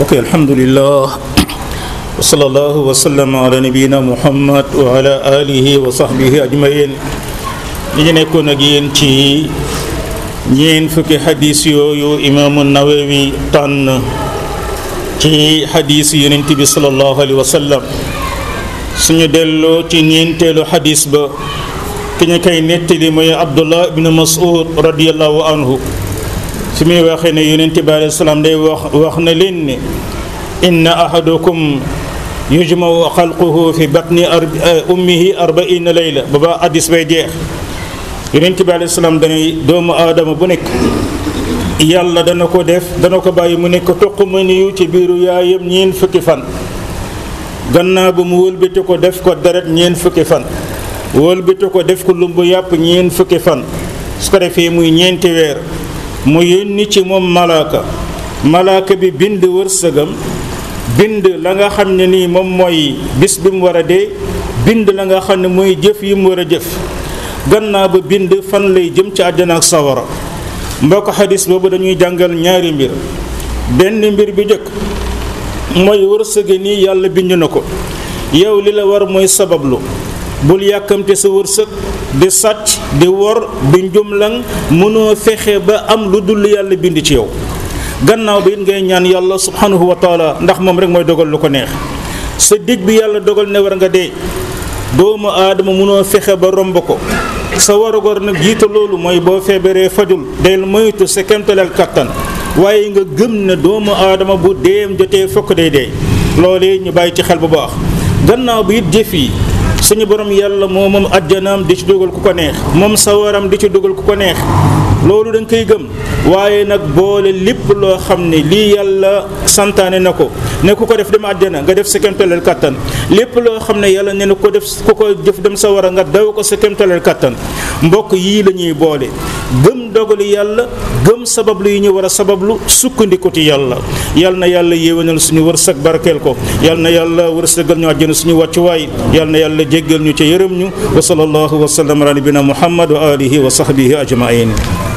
اوكي الحمد لله وصلى الله وسلم على نبينا محمد alihi اله وصحبه اجمعين ñi ñu nekkoon ak yéen ci ñeen fukki xadis yooyu imaamu nawawi tànn ci xadis yonent bi salallahu alayhi wa sallam suñu delloo ci ñeenteelu xadis ba ki ñu koy nettali mooy abdullah ibnu masud radiallahu anhu su muy waxee ne yonent bi alayhi salaam day wax wax na leen ni inna ahadukum yujmau xalquhu fi batni eh, ummihi arbaina layla ba ba addis bay jeex yonent bi alayhi salaam danay doomu aadama bu nekk yàlla dana ko def dana ko bàyyi mu nekk toq ma niyu ci biiru yaayam ñeen fukki fan gannaaw ba mu wëlbati ko def ko deret ñeen fukki fan wëlbati ko def ko lumbu yàpp ñeen fukki fan su ko defee muy ñeenti weer mu yónni ci moom malaaka malaaka bi bind wërsëgam bind la nga xam ne nii moom mooy bis bi mu war a dee bind la nga xam ne mooy jëf yi mu war a jëf gannaaw ba bind fan lay jëm ci àjjana ak sawara mbokk xadis boobu dañuy jàngal ñaari mbir benn mbir bi njëkk mooy wërsëg nii yàlla bind na ko yow li la war mooy sabablu bul yàkkamte sa wërsëg di sàcc di wor di njumlang mënoo fexe ba am lu dul yàlla bind ci yow gannaaw bi it ngay ñaan yàlla subhanahu wa taala ndax moom rek mooy dogal lu ko neex sa dij bi yàlla dogal ne war nga dee doomu aadama mënoo fexe ba romb ko sa warugar nag jiita loolu mooy boo feebaree fajul del moytu sa kemtaleel kattan waaye nga gëm ne doomu aadama bu deem jotee fokk day dee loolee ñu bàyyi ci xel bu baax gannaaw bi it jëf yi suñu borom yàlla moo moom ajjanaam di ci dugal ku ko neex moom sawaram di ci dugal ku ko neex loolu da koy gëm waaye nag boole lépp loo xam ne lii yàlla santaane na ko ne ku ko def dem àjjana nga def sa kéemtalal kattan lépp loo xam ne yàlla ne na ko def ku ko jëf dem sawara nga daw ko sa kéemtalal kattan mbokk yii lañuy boole gëm dogali yàlla gëm sabablu yi ñu war a sabablu sukkandiku ci yàlla yal na yàlla yéwénal suñu wërsëg barkeel ko yal na yàlla wërsëgal ñu àjjana suñu wàccuwaay yal yàlla jéggal ñu ca yërëm ñu wa sallallahu wa sallam ala nabina muhammad wa alihi wa sahbihi ajmain